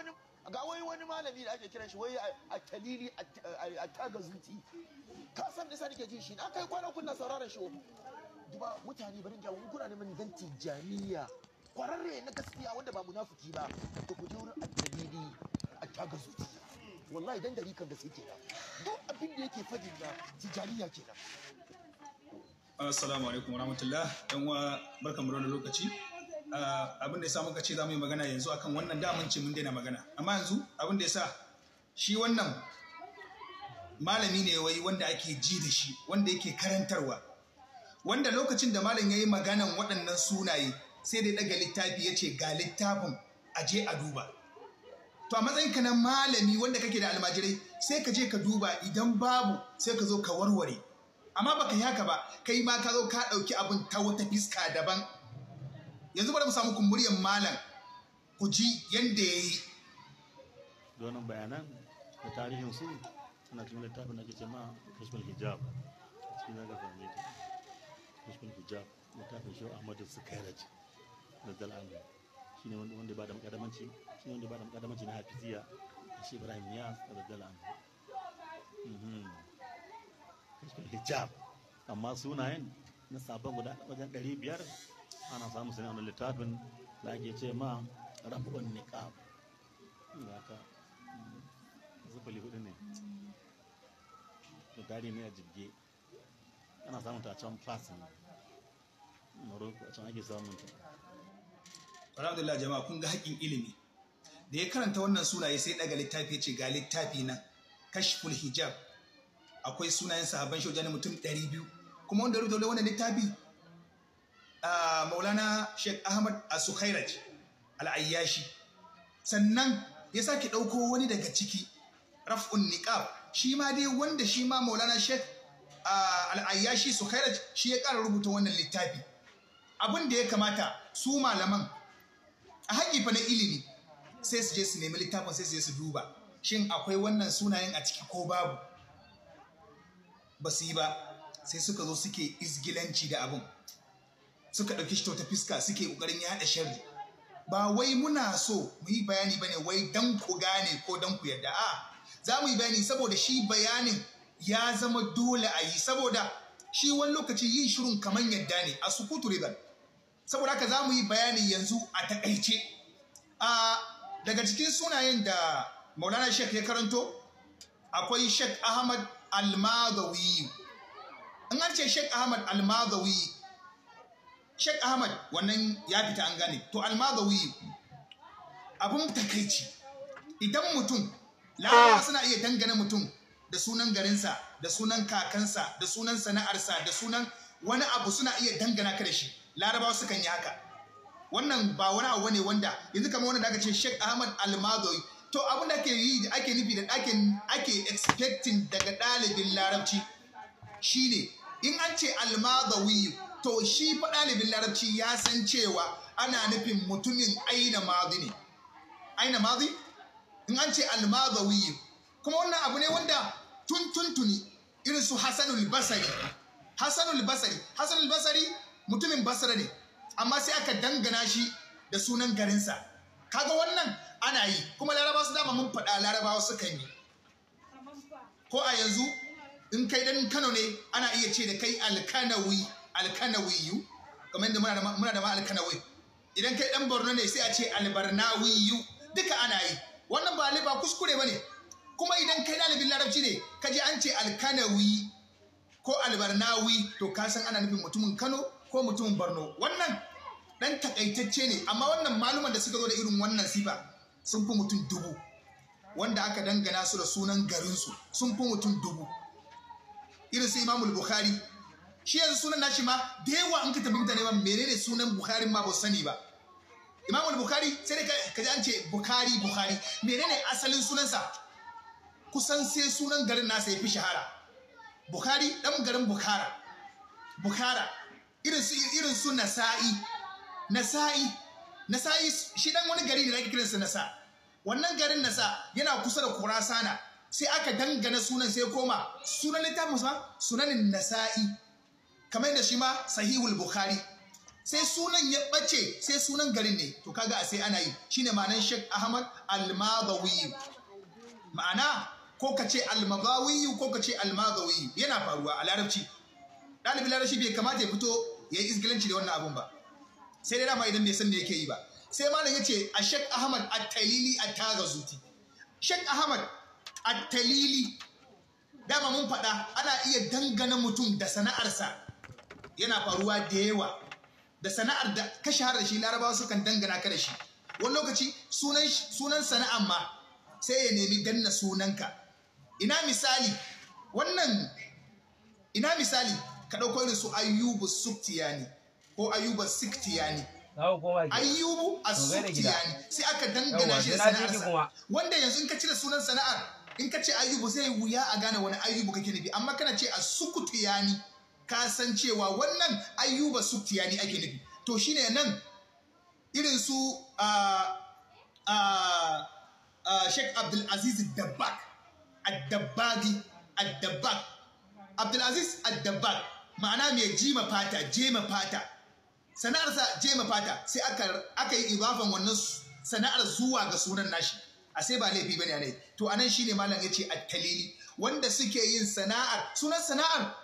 wani ga wai wani malami da ake kiran shi wai a talili a taga zuti ka san da sani ke jin shi na kai kwana kunna sauraron shi duba mutane barin jawo kuna neman dan tijaniya kwararre na gaskiya wanda ba munafuki ba to ku je wurin talili a taga zuti wallahi dan dari kan da suke da duk abin da yake fadin da tijaniya kenan assalamu alaikum warahmatullahi yan uwa barkamu da lokaci Ah, abin da ya sa muka ce za mu yi magana yanzu akan wannan damun ce mun daina magana amma yanzu abin da ya sa shi wannan malami ne wai wanda ake ji da shi wanda yake karantarwa wanda lokacin da malam ya yi maganan waɗannan sunaye sai dai daga littafi ya ce ga littafin a je a duba to a matsayin ka na malami wanda kake da almajirai sai ka je ka duba idan babu sai ka zo ka warware amma baka yi haka ba kai ma ka zo ka ɗauki abin ta wata fiska daban yanzu bari mu samu kumburiyar malam ku ji yadda ya yi donin bayanan da tarihin su suna cikin littafin da ke ce ma hishmal hijab cikin zaga fahimta ta hishmal hijab littafin shi ahmadu sukairaj da zal'amu shi ne wanda ba da makadamanci shi ne wanda ba da makadamanci na hafiziya da shi ibrahim ya da zal'amu hishmal hijab amma sunayen na sabon guda wajen 500 ana samun sani a littafin da ake ce ma rafu'un niqab da aka mm, zubali hudu ne da gari ne a jirgi. ana samun ta can fasin maroko a can ake samun ta alhamdulillah jama'a kun ga haƙƙin ilimi da ya karanta wannan sunaye sai daga littafi ce ga littafi na kashful hijab akwai sunayen sahabban shoja ne mutum 200 kuma wanda rubuta wannan littafi maulana sheikh ahmad sukhairaj al'ayyashi sannan ya sake ɗauko wani daga ciki raf'un niqab shi ma dai wanda shi ma maulana sheikh al'ayyashi sukhairaj shi ya ƙara rubuta wannan littafi abin da ya kamata su malaman a haƙi fa na ilimi sai su je su nemi littafin sai su je su duba shin akwai wannan sunayen a ciki ko babu ba su yi ba sai suka zo suke izgilanci da abin suka ɗauki shi ta fiska suke ƙoƙarin yaɗa sharri ba wai muna so mu yi bayani bane wai dan ku gane ko dan ku yadda a za mu yi bayani saboda shi bayanin ya zama dole a yi saboda shi wani lokaci yin shirin kamar yadda ne a su sukutu riban saboda haka za mu yi bayani yanzu a takaice a daga cikin sunayen da maulana sheikh ya karanto akwai sheikh ahmad Almagawi. in an ce sheikh ahmad Almagawi. Sheikh Ahmad wannan ya fita an gane to almagawi abun takaici idan mutum larabawa ah. suna iya dangane mutum da sunan garinsa da sunan kakansa da sunan sana'arsa da sunan wani abu suna iya dangana ka da shi larabawa sukan yi haka wannan ba wani abu ne wanda yanzu kama wanda daga ce Sheikh Ahmad Almagawi to abin da ake yi ake nufi da ake expecting daga ɗalibin larabci shine in an ce almadawi to shi fa ɗalibin larabci ya san cewa ana nufin mutumin aina madi ne aina madi in an ce almadawi kuma wannan abu ne wanda tun tuntuni irin su hasanul basari hasanul basari hasanul basari mutumin basara ne amma sai aka dangana shi da sunan garinsa kaga wannan ana yi kuma larabawa su dama mun faɗa larabawa su sukan yi ko a yanzu in kai dan Kano ne ana iya ce da kai alkanawi alkanawiyu kamar yadda muna da ma alkanawi idan kai dan Borno ne sai a ce albarnawiyu duka ana yi wannan ba ba kuskure ba ne. kuma idan kai dalibin larabci ne ka je an ce alkanawi ko albarnawi to ka san ana nufin mutumin Kano ko mutumin Borno wannan dan takaitacce ne amma wannan maluman da suka zo da irin wannan sifa sun fi mutum dubu wanda aka dangana su da sunan garinsu sun fi mutum dubu irin su Imamul Bukhari shi yanzu sunan nashi ma da yawa in ka tafi mutane ba menene sunan Bukhari ma ba sani ba Imamul Bukhari sai dai ka ji an ce Bukhari Bukhari menene asalin sunansa kusan sai sunan garin nasa ya fi shahara Bukhari dan garin Bukhara Bukhara irin su irin su Nasa'i Nasa'i Nasa'i shi dan wani gari ne da ake kiransa Nasa wannan garin Nasa yana kusa da kurasana sai aka dangana sunan sai koma sunan littafin musa sunanin nasa'i kamar da shi ma sahihul bukhari sai sunan ya bace sai sunan garin ne to kaga a sai ana yi shine ma'anar shek Ahmad al ma'ana ko ka ce al ko ka ce al yana faruwa a larabci dalibi larabci bai kamata ya fito ya yi izgilanci da wannan abun ba sai dai dama idan bai san da yake yi ba sai malam ya ce a shek Ahmad At-Talili At-Tagazuti shek Ahmad A talili dama mun faɗa ana iya dangana mutum da sana'arsa yana faruwa da yawa da sana'ar da ka shahara da shi larabawa sukan dangana ka da shi wani lokaci sunan sunan sana'an ma sai ya nemi danna sunanka ina misali wannan ina misali ka ɗauko irin su ayyubu suktiyani ko ayyuba siktiyani ayyubu as-sukhtiyani sai aka dangana shi da sana'arsa wanda yanzu in ka cire sunan sana'ar in ka ce ayyubu zai wuya a gane wani ayyubu kake nufi amma kana ce a suku sukhtiyani ka san cewa wannan ayyuba sukhtiyani ake nufi to shine nan irin su Sheikh Abdul Aziz Dabbak ad dabbak dabbak ma'ana mai jima fata jema fata sana'arsa jema fata sai aka yi ibafan wannan sana'ar zuwa ga sunan nashi a sai ba laifi bane ne to anan shine malam yace at-talili wanda suke yin sana'ar sunan sana'ar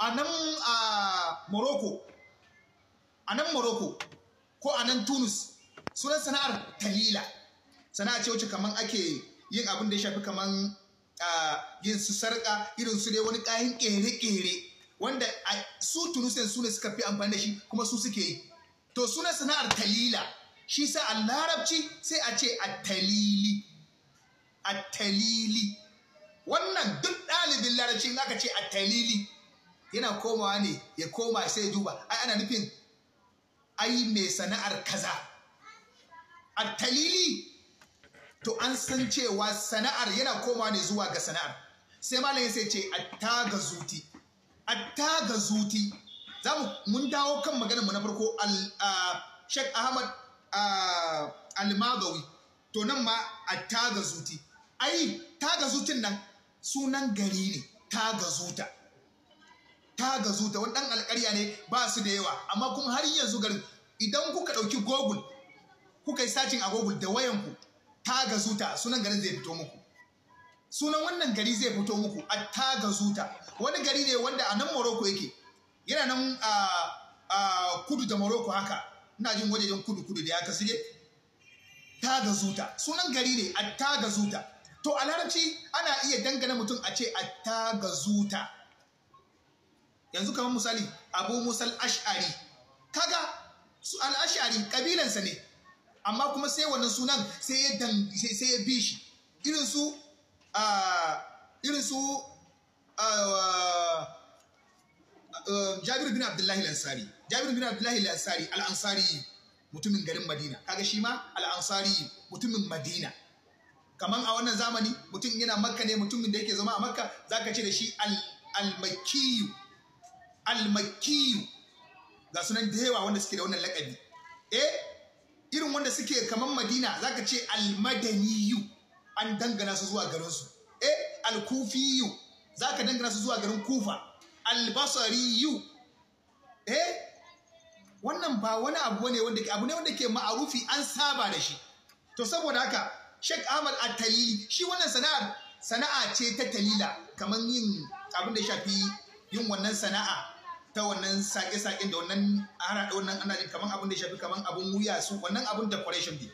a a Morocco a Morocco ko anan Tunis sunan sana'ar talila sana'a ce wacce kaman ake yin abin da ya shafi kaman yin su sarƙa irin su dai wani kayan ƙere-ƙere wanda su tunisian su ne suka fi amfani da shi kuma su suke yi to suna sana'ar talila shi sa a larabci sai a ce a talili a talili wannan duk ɗalibin larabci in aka ce a talili yana komawa ne ya koma sai duba ai ana nufin ai mai sana'ar kaza a talili to an san cewa sana'ar yana komawa ne zuwa ga sana'ar sai malayin sai ce a taga zuti atta ga zuti za mu mun dawo kan maganar mu na farko Sheikh Ahmad Almagawi to nan ma atta taga zuti ai taga zutin nan sunan gari ne taga zuta taga zuta wani dan alƙarya ne ba su da yawa amma kuma har yanzu garin idan kuka ɗauki google kuka yi sacin a google da wayanku taga zuta sunan garin zai fito muku sunan wannan gari zai fito muku a taga zuta. wani gari ne wanda a nan morocco yake yana nan a kudu da morocco haka ina jin wajejen kudu kudu da ya ta sige zuta, sunan gari ne a taga zuta. to a larabci ana iya dangana mutum a ce a taga zuta. yanzu kamar misali abu musal ash'ari kaga su al-ash'ari kabilansa ne amma kuma sai wannan sunan sai ya bi shi irin su a irin su um, Jabir bin Abdullahi lansari. jabiru bin Abdullahi al al'ansari mutumin garin Madina kaga shi ma Al'ansari mutumin Madina kaman a wannan zamani mutum yana Makka ne mutumin da yake zama a Makka ka ce da shi al-Makkiyu al-Makkiyu ga sunan da yawa wanda suke da wannan lakabi eh irin wanda suke kaman Madina ka ce al-Madaniyu an dangana su zuwa garin su eh al Za ka dangana su zuwa garin kufa al yu. eh wannan ba wani abu ne wanda ke abu ne wanda ke ma'arufi an saba da shi to saboda haka Sheikh Ahmad a talili shi wannan sana'a sana'a ce ta talila kamar yin abin da shafi yin wannan sana'a ta wannan sake-saken da wannan ana da wannan ana kamar abin da shafi kamar abin wuya su wannan abin decoration biyu.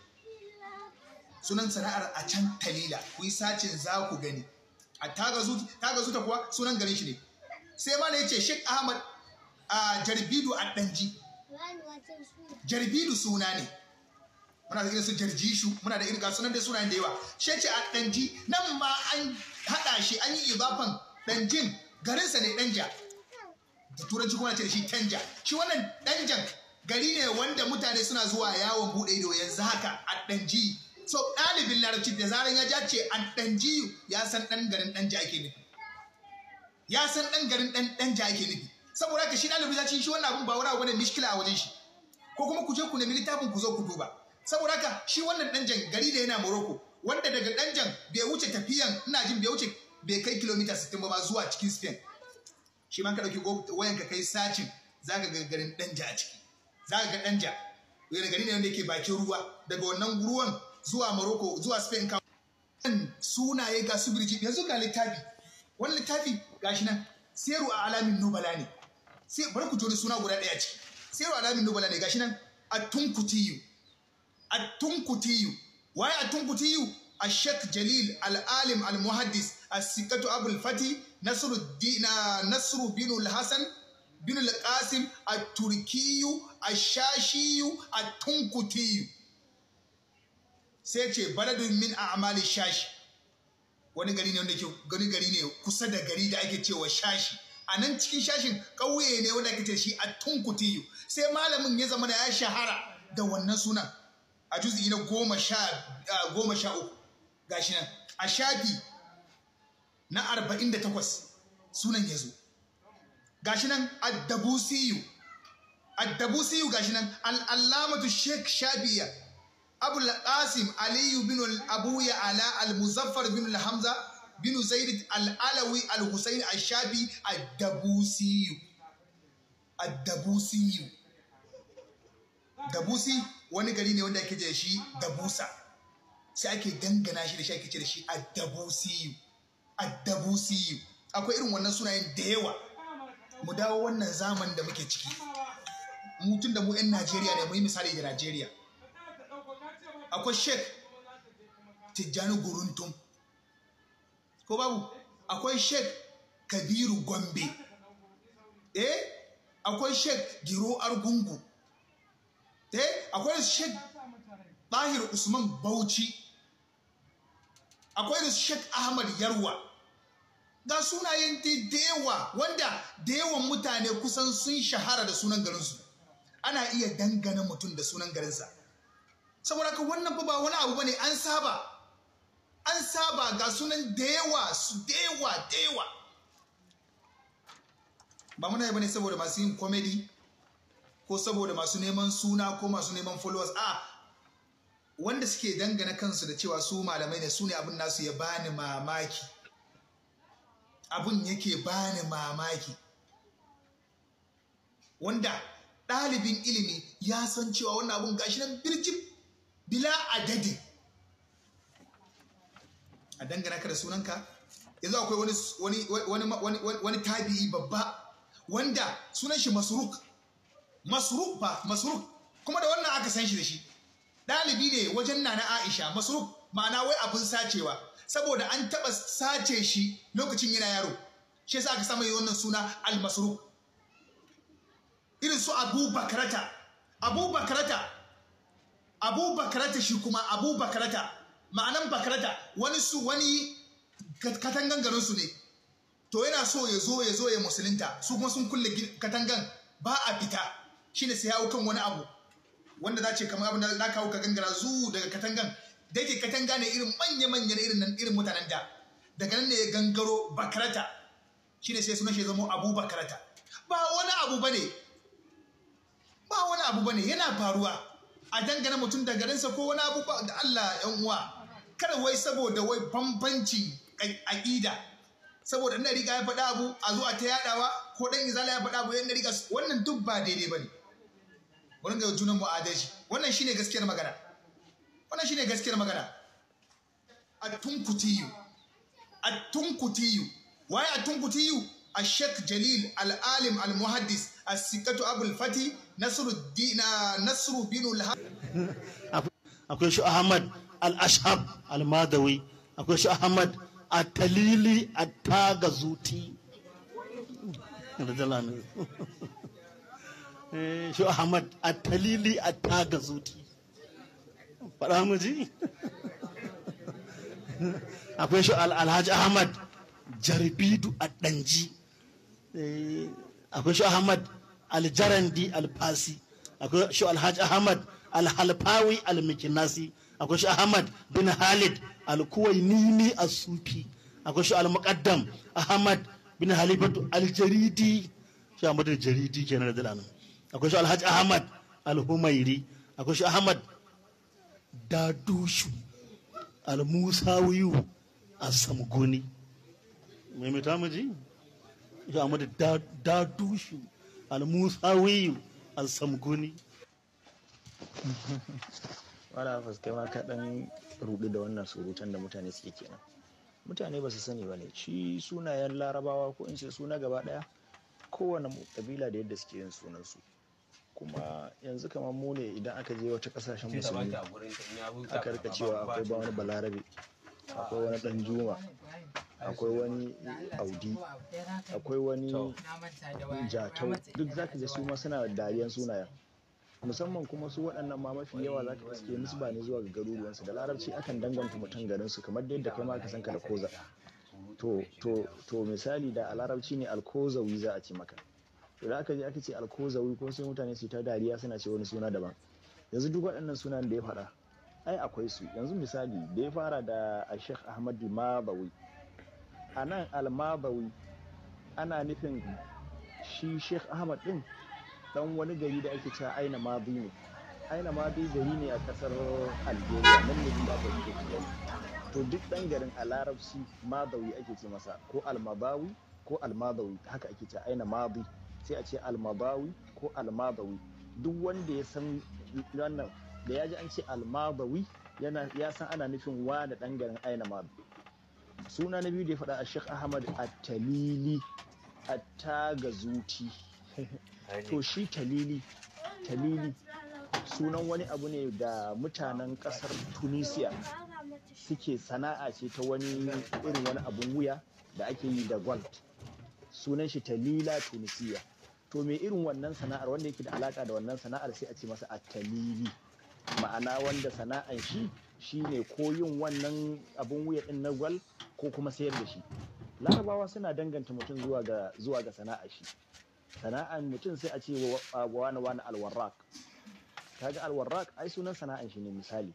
sunan sana'ar a can talila ku yi sacin za ku gani a tagazu ta kuwa sunan garin shi ne sai ma ya ce Sheikh ahmad a jarbidu a ɗanji jarbidu suna ne muna da irin su jarjishu muna da irin ga sunan da suna da yawa shi ce a ɗanji nan ma an haɗa shi an yi ibafan ɗanjin garinsa ne ɗanja da turanci kuma ce da shi tanja shi wannan ɗanjan gari ne wanda mutane suna zuwa yawon buɗe ido yanzu haka a ɗanji so ɗalibin larabci da zaran ya jace a an ɗan jiyu ya san ɗan garin ɗan jake ake nufi ya san ɗan garin ɗan ɗan ja ake nufi saboda ka shi ɗalibin za shi wannan abun ba wani abu ne mishkila a wajen shi ko kuma ku je ku nemi littafin ku zo ku duba saboda ka shi wannan ɗan jan gari da yana Moroko, wanda daga ɗan jan bai wuce tafiyan ina jin bai wuce bai kai kilomita sittin ba zuwa cikin Spain shi ma ka ɗauki wayan ka kai sacin za ka ga garin ɗan ja a ciki za ka ga ɗan ja gari ne wanda yake bakin ruwa daga wannan ruwan zuwa Morocco zuwa Spain ka sunaye ga su birji yanzu ga littafi wani littafi gashi nan seru a alamin nubala ne sai bar ku jori suna guda daya ce seru alamin nubala ne gashi nan a tunkutiyu A tunkutiyu waye a tunkutiyu a shak-jalil, al-alimin a sikatu abul fati nasiru dina Nasiru نصر الدين نصر بن a turkiyu, a shashiyu, a tunkutiyu. sai ce baladun min a amali shashi wani gari ne wanda ke gani gari ne kusa da gari da ake cewa shashi a nan cikin shashin ƙauye ne wanda ake ce shi a tunkutiyu sai malamin ya zama da ya shahara da wannan sunan a juzi na goma sha uku gashi nan a shafi na arba'in da takwas sunan ya zo gashi nan addabusiyu addabusiyu gashi nan al'allamatu shek shafiya abul qasim aliyu bin abuya ala al-muzaffar bin hamza bin zaid al-alawi al-husayn al-shabi ad-dabusi ad-dabusi dabusi wani gari ne wanda ake da shi dabusa sai ake dangana shi da shi ake ce da shi ad-dabusi ad-dabusi akwai irin wannan sunayen da yawa mu dawo wannan zaman da muke ciki mutum da mu 'yan najeriya ne mu yi misali da najeriya akwai sheik tijjani guruntum ko babu akwai sheik kabiru gombe eh akwai sheik giro argungu eh akwai sheik tahir usman bauchi akwai da sheik ahmad yarwa ga sunayen yawa wanda da yawan mutane kusan sun shahara da sunan garinsu ana iya dangana mutum da sunan garinsa saboda ka wannan fa ba wani abu bane an saba an saba ga sunan da yawa su da yawa ba muna yi bane saboda masu yin komedi, ko saboda masu neman suna ko masu neman followers a wanda suke dangana kansu da cewa su malamai ne su ne abin nasu ya bani mamaki abin yake bani mamaki wanda ɗalibin ilimi ya san cewa wannan abun gashi nan birjin bila adadi a dangana ka da sunanka yanzu akwai wani wani wani tabi'i babba wanda sunan shi masruk masruk ba masruk kuma da wannan aka san shi da shi ɗalibi ne wajen nana Aisha masruk ma'ana wai abin sacewa saboda an taɓa sace shi lokacin yana yaro shi yasa aka samu wannan suna al-masruk irin su Abu Bakrata Abu Bakrata abu bakarata shi kuma abu bakarata ma'anan bakarata wani su wani katangan garin su ne to yana so ya zo ya zo ya musulunta su kuma sun kulle katangan ba a fita shine sai ya kan wani abu wanda za ce kamar abin da za kawo ka gangara zu daga katangan da yake katanga ne irin manya manya irin nan irin mutanen da daga nan ne ya gangaro bakarata shine sai sunan shi zama abu bakarata ba wani abu bane ba wani abu bane yana faruwa a dangane mutum da garinsa ko wani abu da Allah yan uwa kada wai saboda wai bambanci a ƙida saboda ina riga ya faɗa abu a zuwa ta yaɗawa ko ɗan izala ya faɗa abu yadda riga wannan duk ba daidai ba ne wurin ga junan mu adashi, wannan shi ne gaskiyar magana wannan shi ne gaskiyar magana a tunkutiyu a tunkutiyu waye a tunkutiyu a shek jalil al-alim al-muhaddis a sikatu abul fatih nasiru bin akwai shi ahmad al-ashab al-madawi akwai shi ahmad at-talili at-taga zuti eh, shi ahmad at-talili at-taga zuti faɗa mu ji akwai shi alhaji ahmad jaribidu a ɗanji eh, akwai shi ahmad aljarandi alfasi akwai shi alhaji ahmad alhalfawi almikinasi akwai shi ahmad bin halid alkuwainini asufi akwai shi almuqaddam ahmad bin halifatu aljaridi shi ahmad aljaridi kenan da dalanan akwai shi alhaji ahmad alhumairi akwai shi ahmad dadushu almusawiyu asamgoni mai mai tamuji shi ahmad dadushu al-musawiyu al-samguni wala fuska ma ka dan rudu da wannan surutan da mutane suke kenan mutane ba su sani ba ne shi sunayen larabawa ko in ce suna gaba ɗaya kowane kabila da yadda suke yin sunansu kuma yanzu kamar mu ne idan aka je wata kasashen musulmi aka rika cewa akwai ba wani balarabe akwai wani dan juma akwai wani audi akwai wani jatau duk za zaka ga su ma suna dariyan sunayen musamman kuma su waɗannan ma mafi yawa za ka iske nisba ne zuwa ga garuruwansu da larabci akan danganta mutum garinsu kamar yadda kai ma ka san ka da koza to to to misali da a larabci ne alkozawi za a ce maka to da aka je aka ce alkozawi ko sai mutane su ta dariya suna ce wani suna daban yanzu duk waɗannan sunan da ya faɗa ai akwai su yanzu misali da ya fara da sheikh ahmadu mabawi a nan almabawi ana nufin shi sheikh ahmad din dan wani gari da ake cewa aina mabi ne aina mabi gari ne a kasar algeria nan ne ba ba to duk dan garin a larabci mabawi ake ce masa ko almabawi ko almabawi haka ake cewa aina mabi sai a ce almabawi ko almabawi duk wanda ya san wannan da ya ji an ce almabawi ya san ana nufin wa da ɗan garin aina ma suna na biyu da ya faɗa a Sheikh Ahmad At-Talili at zuti to shi Talili Talili sunan wani abu ne da mutanen ƙasar Tunisia suke sana'a ce ta wani irin wani abun wuya da ake yi da gold sunan shi Talila Tunisia to me irin wannan sana'ar wanda yake da alaka da wannan sana'ar sai a ce masa At-Talili ma'ana wanda sana'an shi shine ko yin wannan abun wuya din na gwal ko kuma sayar da shi larabawa suna danganta mutum zuwa ga zuwa sana'a shi sana'an mutum sai a ce wa wani wani alwarrak kaga alwarrak ai sunan sana'an shi ne misali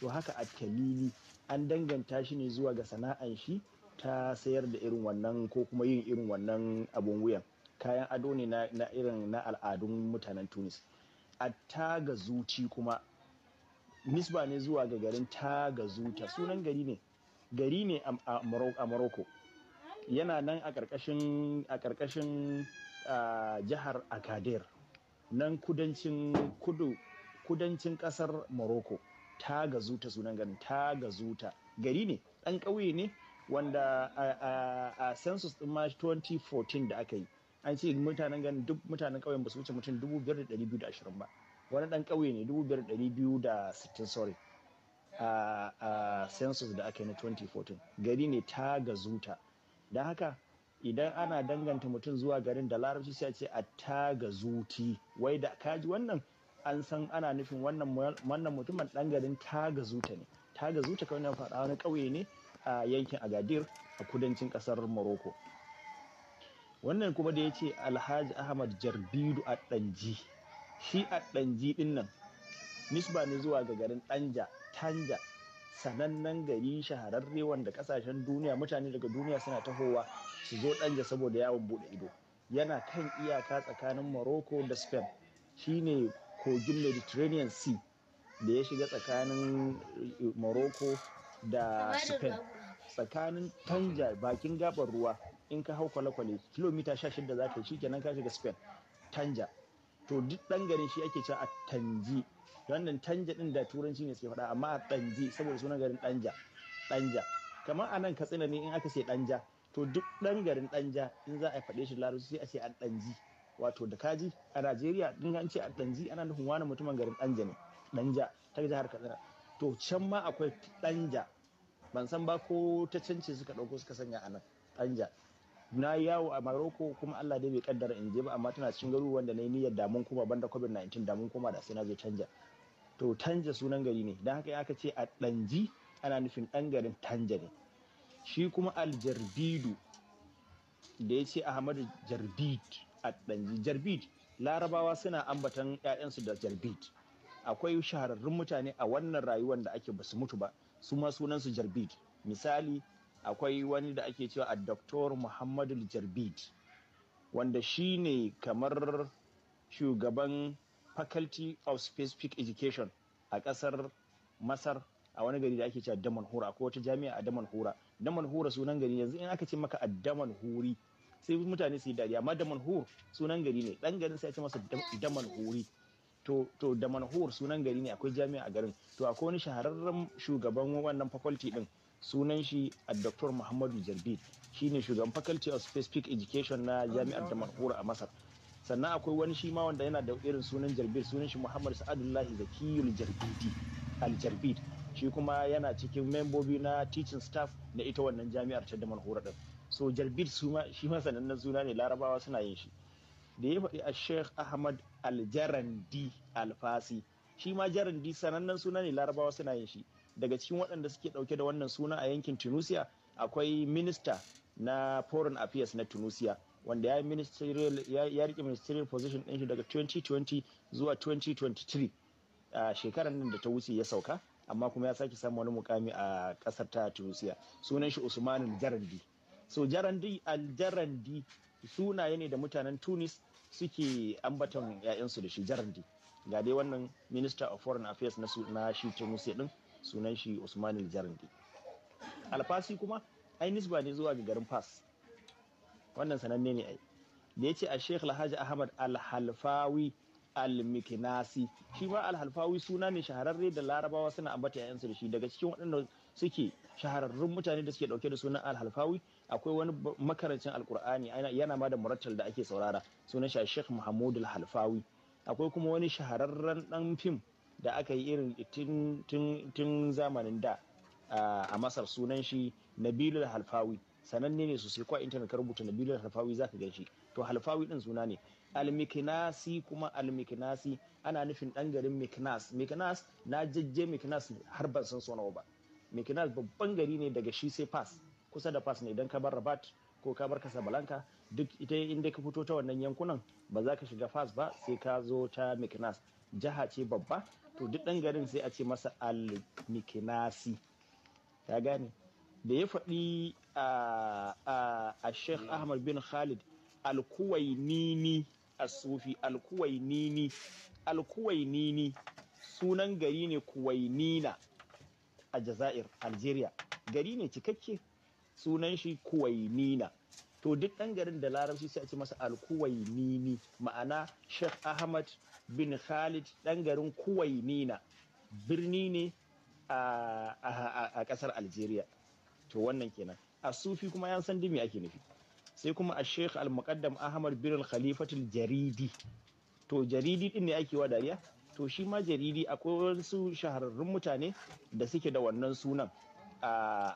to haka a kalili an danganta shi ne zuwa ga sana'an shi ta sayar da irin wannan ko kuma yin irin wannan abun wuya. kayan ado ne na irin na al'adun mutanen tunis A ga zuci kuma nisba ne zuwa ga garin tagazuta sunan gari ne gari ne a morocco yana nan a ƙarƙashin a jihar akadir nan kudancin kudu kudancin ƙasar morocco tagazuta sunan garin tagazuta gari ne ɗan ƙauye ne wanda a census din march 2014 da aka yi an ce mutanen garin duk mutanen ƙauyen ba su wuce mutum 5,220 ba wani dan ƙauye ne dubu biyar ɗari biyu da sittin sorry a a census da aka yi na 2014 gari ne ta gazuta don haka idan ana danganta mutum zuwa garin da larabci sai a ce a ta gazuti wai da kaji wannan an san ana nufin wannan mutumin ɗan garin ta gazuta ne ta gazuta kawai na faɗa wani ƙauye ne a yankin agadir a kudancin ƙasar morocco wannan kuma da ya ce alhaji ahmad jarbidu a ɗanji shi a ɗanji ɗin nan nisba ne zuwa ga garin ɗanja tanja sanannen gari shahararre wanda kasashen duniya mutane daga duniya suna tahowa su zo ɗanja saboda yawon buɗe ido yana kan iyaka tsakanin morocco da spain shine kogin mediterranean sea da ya shiga tsakanin eh, morocco da spain tsakanin tanja bakin gabar ruwa in ka hau kwale-kwale kilomita 16 za ka yi kenan ka shiga spain tanja to duk ɗan garin shi ake cewa a tanji wannan tanja din da turanci ne suke faɗa amma a tanji saboda sunan garin danja danja kamar a nan katsina ne in aka ce danja to duk ɗan garin danja in za a faɗe shi larabci sai a ce a danji wato da kaji a najeriya in an ce a danji ana nufin wani mutumin garin danja ne danja ta jihar katsina to can ma akwai danja ban san ba ko ta cance suka ɗauko suka sanya a nan danja na yawo a Maroko kuma Allah dai bai kaddara in je ba amma tana cikin garuruwan da na yi niyyar damun kuma banda COVID-19 damun kuma da sai na je canja to tanja sunan gari ne don haka aka ce a danji ana nufin ɗan garin tanja ne shi kuma aljarbidu da ya ce ahmadu jarbid a danji jarbid larabawa suna ambatan 'ya'yansu da jarbid akwai shahararrun mutane a wannan rayuwar da ake basu mutu ba su ma sunansu jarbid misali akwai wani da ake cewa a doktor muhammadu jarbid wanda shi ne kamar shugaban faculty of specific education a ƙasar masar a wani gari da ake cewa daman hura ko wata jami'a a daman hura daman hura sunan gari yanzu in aka ce maka a daman huri sai mutane su yi dariya amma daman hur sunan gari ne dan garin sai a ce masa daman huri to to daman hur sunan gari ne akwai jami'a a garin to akwai wani shahararren shugaban wannan faculty din sunan shi a dr muhammadu shi ne shugaban faculty of specific education na jami'ar da a masar sannan akwai wani shi ma wanda yana da irin sunan jarbid sunan shi muhammad sa'adullahi zakiyul jarbidi aljarbid shi kuma yana cikin membobi na teaching staff na ita wannan jami'ar ta da hura din so jarbid shi ma sanannen suna ne larabawa suna yin shi da ya faɗi a sheikh ahmad aljarandi alfasi shi ma jarandi sanannen suna ne larabawa suna yin shi daga cikin waɗanda suke ɗauke da wannan suna a yankin tunisia akwai minista na foreign affairs na tunisia wanda ya ya rike ministerial position ɗin shi daga 2020 zuwa 2023 a shekarar nan da ta wuce ya sauka amma kuma ya sake samu wani mukami a ƙasar ta tunisia sunan shi usman jarandi so jarandi aljarandi sunaye ne da mutanen tunis suke ambaton 'ya'yansu da shi jarandi ga dai wannan minista of foreign affairs na shi tunisia din sunan shi usman jarndi alfasi kuma ai nisba ne zuwa ga garin fas wannan sananne ne ai da ya ce a sheikh alhaji ahmad alhalfawi almikinasi shi ma alhalfawi suna ne shahararre da larabawa suna ambata su da shi daga cikin waɗanda suke shahararrun mutane da suke dauke da sunan alhalfawi akwai wani makarancin alkur'ani yana ma da murattal da ake saurara sunan shi sheikh Muhammadu alhalfawi akwai kuma wani shahararren ɗan fim da aka yi irin tun zamanin da a masar sunan shi nabilu halfawi sananne ne sosai kwa intanet ka rubuta nabilul halfawi zaka gan shi to halfawi din suna ne almikinasi kuma almikinasi ana nufin dan garin miknas miknas na jajje miknas har ban san sona ba miknas babban gari ne daga shi sai pass kusa da pass ne idan ka bar rabat ko ka bar kasabalanka duk ita inda ka fito ta wannan yankunan ba za ka shiga pass ba sai ka zo ta mikinas jiha ce babba to duk ɗan garin sai a ce masa al-mikinasi ta gane da ya faɗi a sheikh ahmad bin khalid al-kuwainini a sufi al-kuwainini al-kuwainini sunan gari ne kuwainina a jazair algeria gari ne cikakke sunan shi kuwainina to duk ɗan garin da larabci sai a ce masa alkuwainini ma'ana sheikh ahmad bin khalid ɗan garin kuwainina birni ne a ƙasar algeria to wannan kenan a sufi kuma yan san dimi ake nufi sai kuma a sheikh al-muqaddam ahmad bin khalifatul jaridi to jaridi din ne ake wa dariya to shi ma jaridi akwai wasu shahararrun mutane da suke da wannan sunan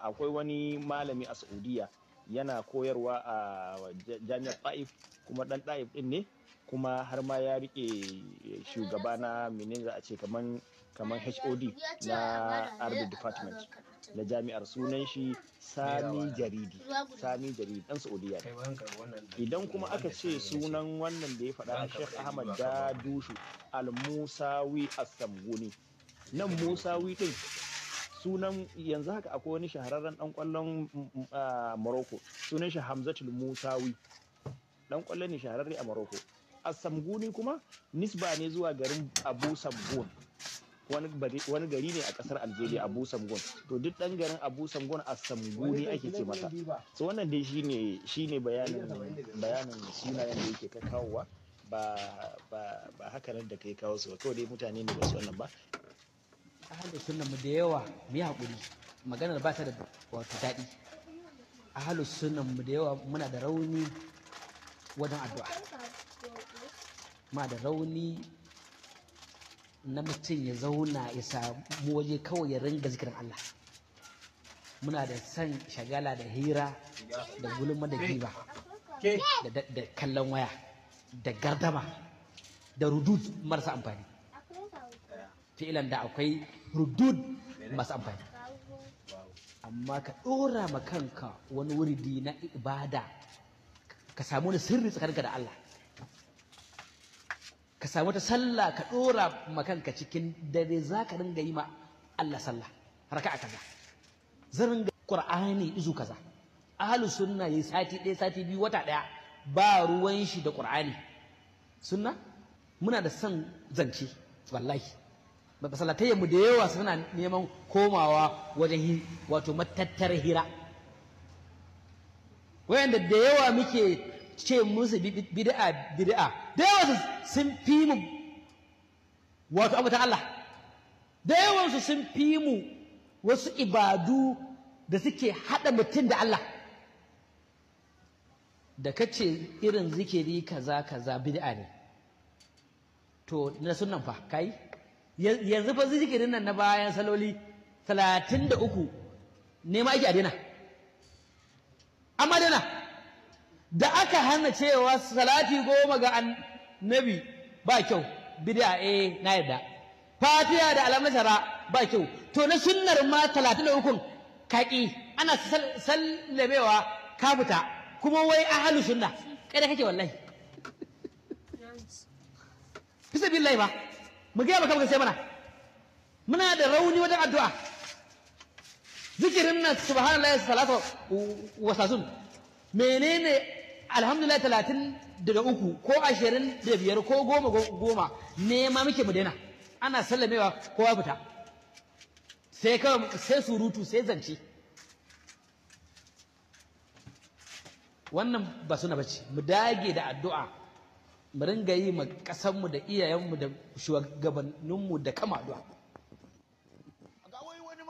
akwai wani malami a saudiya yana koyarwa a jami'ar Taif kuma ɗan Taif ɗin ne kuma har ma ya rike shugaba na menene za a ce kaman HOD na army Department na jami'ar sunan shi Sami Jaridi Sami Jaridi ɗan Saudiya idan kuma aka ce sunan wannan da ya faɗa Sheikh Ahmad Dadushu Al-Musawi As-Samguni nan Musawi ɗin sunan yanzu haka akwai wani shahararren dan kwallon mm, mm, Morocco sunan shi Hamzatul Musawi dan kwallon ne shahararre a Morocco a Samguni kuma nisba ne zuwa garin Abu Samgun wani gari ne a ƙasar Algeria Abu Samgun to duk ɗan garin Abu Samgun a Samguni ake ce masa so wannan dai shine shine bayanin bayanin sunayen da yake ta kawowa ba ba ba haka nan da kai kawo su ba kawai dai mutane ne ba su wannan ba ahalin sunna mu da yawa mu yi haƙuri maganar ba ta da wato daɗi ahalin sunna mu da yawa muna da rauni wajen addu'a ma da rauni na mutum ya zauna ya samu waje kawai ya ringa zikirin Allah muna da son shagala da hira da gulma da giba da kallon waya da gardama da rudud marasa amfani fi'ilan da akwai rudud masu amfani amma ka ɗora ma kanka wani wuridi na ibada ka samu wani sirri tsakaninka da Allah ka samu ta sallah ka ɗora ma kanka cikin dare za ka ringa yi ma Allah sallah raka'a kaza zarin ga Qur'ani izu kaza ahlus sunna yi sati ɗaya sati biyu wata ɗaya ba ruwan shi da Qur'ani sunna muna da son zance wallahi masallatai mu da yawa suna neman komawa wajen wato matattar hira wayanda da yawa muke ce musu bid'a bid'a da yawa sun fi mu wato abu ta Allah da yawan su sun fi mu wasu ibadu da suke hada mutum da Allah da kace irin zikiri kaza kaza bid'a ne to na sunan fa kai yanzu fa zikirin nan na bayan saloli talatin da uku ne ma yake a daina amma daina da aka hana cewa salati goma ga annabi ba kyau bid'a eh na yadda fatiha da alamasara ba kyau to na sunnar ma talatin da ukun ana sallamewa ka fita kuma wai ahlu sunna kai da kake wallahi bisa billahi ba mu gaya maka muka sai mana muna da rauni wajen addu'a zikirin nan subhanallahi salatu wa sazun menene alhamdulillah talatin daga uku ko ashirin da biyar ko goma goma nema muke mu daina ana sallamewa kowa fita sai ka sai surutu sai zance wannan ba suna bace mu dage da addu'a mu ringa yi ma ƙasarmu da iyayenmu da shugabanninmu da kamaduwa.